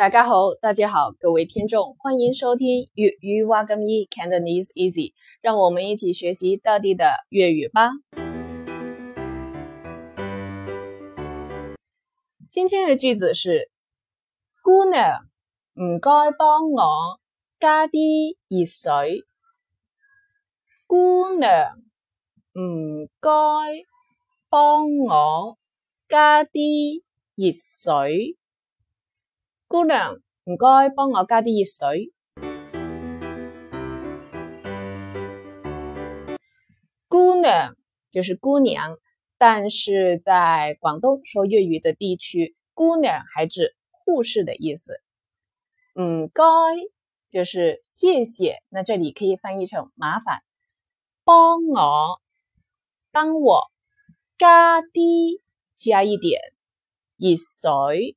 大家好，大家好，各位聽眾，歡迎收聽粵語 Cantonese Easy，讓我們一起學習地道的粵語吧。今天的句子是：姑娘，唔該幫我加啲熱水。姑娘，唔該幫我加啲熱水。姑娘，唔該，幫我加啲熱水。姑娘就是姑娘，但是在廣東說粵語的地區，姑娘還指護士的意思。唔該，就是謝謝。那這裏可以翻譯成麻煩，幫我，幫我加啲，加一點熱水。